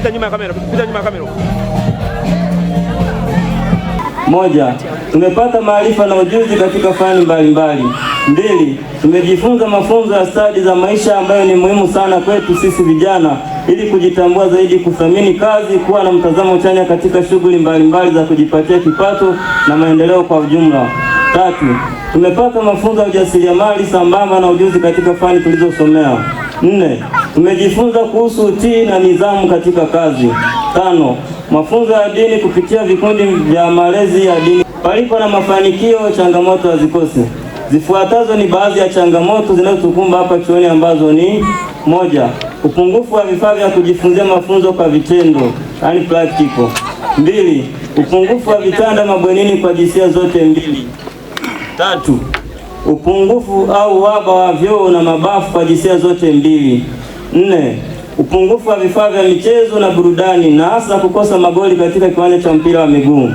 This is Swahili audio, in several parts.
Pita nyuma ya kamera, pita nyuma ya kamera. Moja. Tumepata maarifa na ujuzi katika fani mbalimbali. Mbili, tumejifunza mafunzo ya stadi za maisha ambayo ni muhimu sana kwetu sisi vijana ili kujitambua zaidi, kuthamini kazi, kuwa na mtazamo chanya katika shughuli mbalimbali za kujipatia kipato na maendeleo kwa ujumla. Tatu, tumepata mafunzo ya ujasiriamali sambamba na ujuzi katika fani tulizosomea. Nne, tumejifunza kuhusu utii na nidhamu katika kazi. Tano, mafunzo ya dini kupitia vikundi vya malezi ya dini. Palipo na mafanikio, changamoto hazikosi. Zifuatazo ni baadhi ya changamoto zinazotukumba hapa chuoni ambazo ni moja, upungufu wa vifaa vya kujifunzia mafunzo kwa vitendo, yani practical. Mbili, upungufu wa vitanda mabwenini kwa jinsia zote mbili. Tatu, upungufu au uhaba wa vyoo na mabafu kwa jinsia zote mbili. Nne, upungufu wa vifaa vya michezo na burudani na hasa kukosa magoli katika kiwanja cha mpira wa miguu.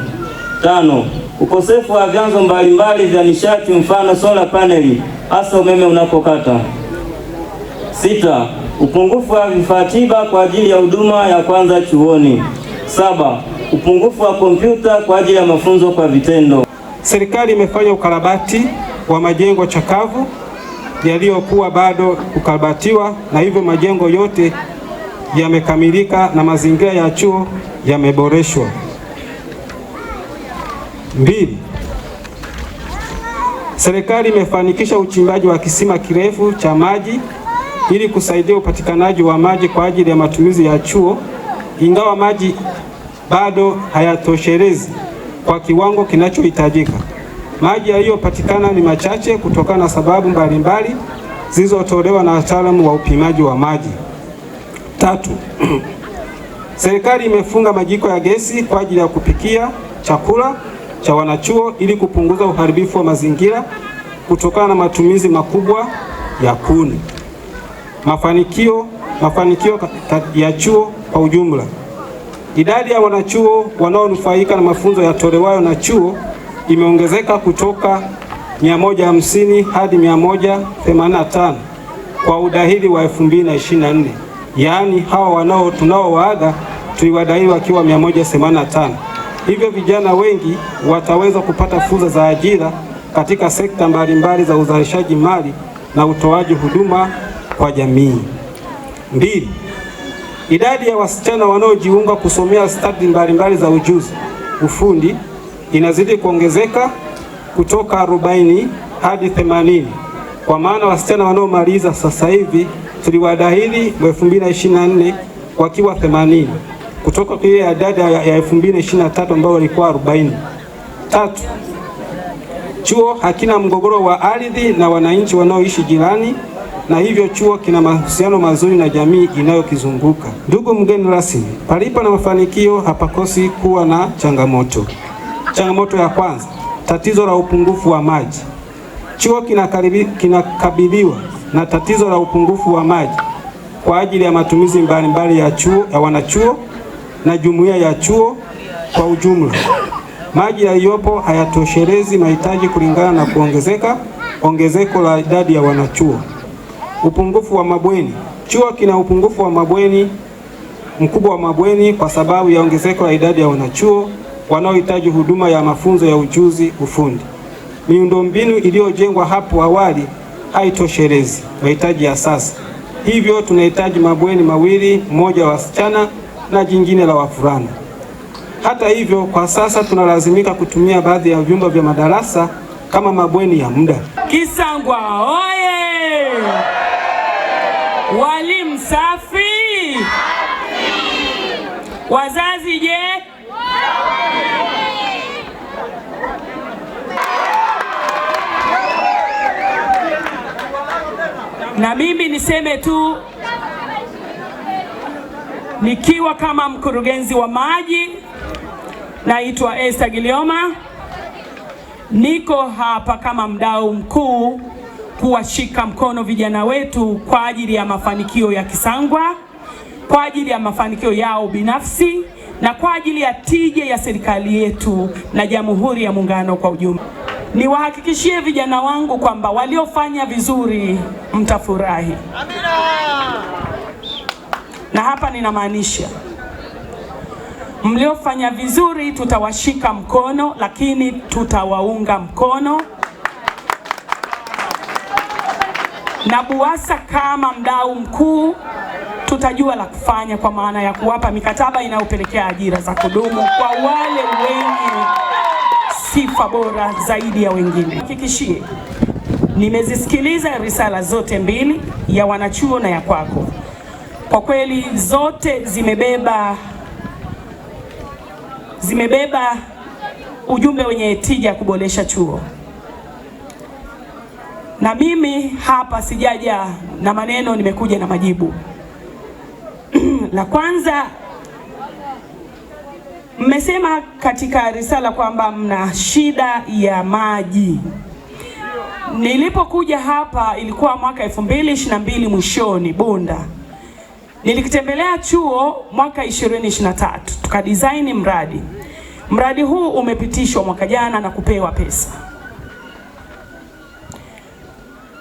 Tano, ukosefu wa vyanzo mbalimbali vya nishati mfano sola paneli hasa umeme unapokata. Sita, upungufu wa vifaa tiba kwa ajili ya huduma ya kwanza chuoni. Saba, upungufu wa kompyuta kwa ajili ya mafunzo kwa vitendo. Serikali imefanya ukarabati wa majengo chakavu yaliyokuwa bado kukarabatiwa na hivyo majengo yote yamekamilika na mazingira ya chuo yameboreshwa. Mbili, serikali imefanikisha uchimbaji wa kisima kirefu cha maji ili kusaidia upatikanaji wa maji kwa ajili ya matumizi ya chuo, ingawa maji bado hayatoshelezi kwa kiwango kinachohitajika. Maji yaliyopatikana ni machache kutokana na sababu mbalimbali zilizotolewa na wataalamu wa upimaji wa maji. Tatu, serikali imefunga majiko ya gesi kwa ajili ya kupikia chakula cha wanachuo ili kupunguza uharibifu wa mazingira kutokana na matumizi makubwa ya kuni. Mafanikio, mafanikio ya chuo kwa ujumla. Idadi ya wanachuo wanaonufaika na mafunzo yatolewayo na chuo imeongezeka kutoka 150 hadi 185 kwa udahili wa 2024. Yaani hawa wanao tunaowaaga tuliwadahili wakiwa 185. Hivyo vijana wengi wataweza kupata fursa za ajira katika sekta mbalimbali za uzalishaji mali na utoaji huduma kwa jamii. Mbili, idadi ya wasichana wanaojiunga kusomea stadi mbalimbali za ujuzi ufundi inazidi kuongezeka kutoka 40 hadi 80, kwa maana wasichana wanaomaliza sasa hivi tuliwadahili 2024 wakiwa 80 kutoka kwa ile idadi ya 2023 ambao walikuwa 40. Tatu, chuo hakina mgogoro wa ardhi na wananchi wanaoishi jirani, na hivyo chuo kina mahusiano mazuri na jamii inayokizunguka. Ndugu mgeni rasmi, palipo na mafanikio hapakosi kuwa na changamoto. Changamoto ya kwanza, tatizo la upungufu wa maji. Chuo kinakabiliwa na tatizo la upungufu wa maji kwa ajili ya matumizi mbalimbali ya chuo, ya wanachuo na jumuiya ya chuo kwa ujumla. Maji yaliyopo hayatoshelezi mahitaji kulingana na kuongezeka ongezeko la idadi ya wanachuo. Upungufu wa mabweni. Chuo kina upungufu wa mabweni mkubwa wa mabweni kwa sababu ya ongezeko la idadi ya wanachuo wanaohitaji huduma ya mafunzo ya ujuzi ufundi. Miundombinu iliyojengwa hapo awali haitoshelezi mahitaji ya sasa, hivyo tunahitaji mabweni mawili, mmoja wa wasichana na jingine la wavulana. Hata hivyo, kwa sasa tunalazimika kutumia baadhi ya vyumba vya madarasa kama mabweni ya muda. Kisangwa oye! Walimu safi! Wazazi je? Na mimi niseme tu nikiwa kama mkurugenzi wa maji, naitwa Esther Gilioma, niko hapa kama mdau mkuu kuwashika mkono vijana wetu kwa ajili ya mafanikio ya Kisangwa, kwa ajili ya mafanikio yao binafsi na kwa ajili ya tija ya serikali yetu na Jamhuri ya Muungano kwa ujumla. Niwahakikishie vijana wangu kwamba waliofanya vizuri mtafurahi. Amina na hapa ninamaanisha mliofanya vizuri tutawashika mkono, lakini tutawaunga mkono na BUWASA kama mdau mkuu tutajua la kufanya, kwa maana ya kuwapa mikataba inayopelekea ajira za kudumu kwa wale wenye sifa bora zaidi ya wengine. Hakikishie nimezisikiliza risala zote mbili, ya wanachuo na ya kwako. Kwa kweli zote zimebeba zimebeba ujumbe wenye tija kuboresha chuo, na mimi hapa sijaja na maneno, nimekuja na majibu. La kwanza mmesema katika risala kwamba mna shida ya maji. Nilipokuja hapa ilikuwa mwaka 2022 mwishoni Bunda Nilikitembelea chuo mwaka 2023 tukadesign mradi. Mradi huu umepitishwa mwaka jana na kupewa pesa.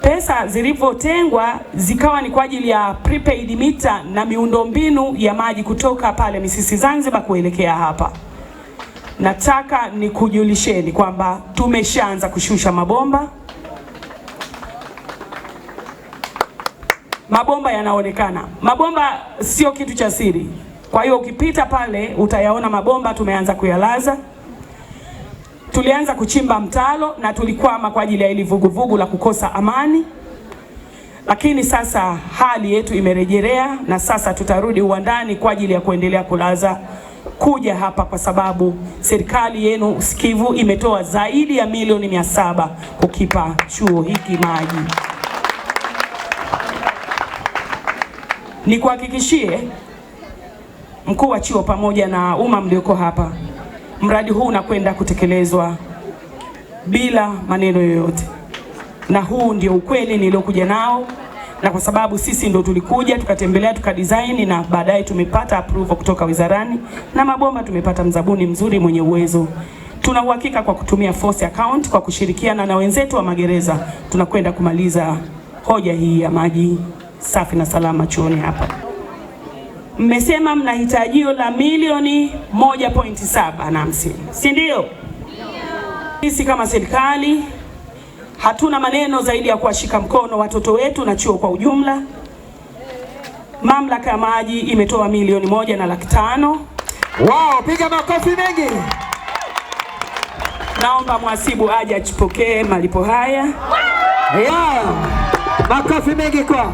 Pesa zilivyotengwa zikawa ni kwa ajili ya prepaid mita na miundombinu ya maji kutoka pale Misisi Zanzibar kuelekea hapa. Nataka nikujulisheni kwamba tumeshaanza kushusha mabomba mabomba yanaonekana. Mabomba sio kitu cha siri, kwa hiyo ukipita pale utayaona mabomba. Tumeanza kuyalaza, tulianza kuchimba mtalo na tulikwama kwa ajili ya ili vuguvugu la kukosa amani, lakini sasa hali yetu imerejelea, na sasa tutarudi uwandani kwa ajili ya kuendelea kulaza kuja hapa kwa sababu serikali yenu sikivu imetoa zaidi ya milioni mia saba kukipa chuo hiki maji. Nikuhakikishie mkuu wa chuo pamoja na umma mlioko hapa, mradi huu unakwenda kutekelezwa bila maneno yoyote, na huu ndio ukweli niliokuja nao, na kwa sababu sisi ndio tulikuja tukatembelea tukadesign, na baadaye tumepata approval kutoka wizarani na mabomba, tumepata mzabuni mzuri mwenye uwezo. Tuna uhakika kwa kutumia force account, kwa kushirikiana na wenzetu wa magereza, tunakwenda kumaliza hoja hii ya maji safi na salama chuoni hapa. Mmesema mna hitajio la milioni 1.7 na hamsini, si ndio? Sisi kama serikali hatuna maneno zaidi ya kuwashika mkono watoto wetu na chuo kwa ujumla. Mamlaka ya maji imetoa milioni moja na laki tano. Wow, piga makofi mengi. Naomba mwasibu aje achipokee malipo haya. Wow, makofi mengi kwa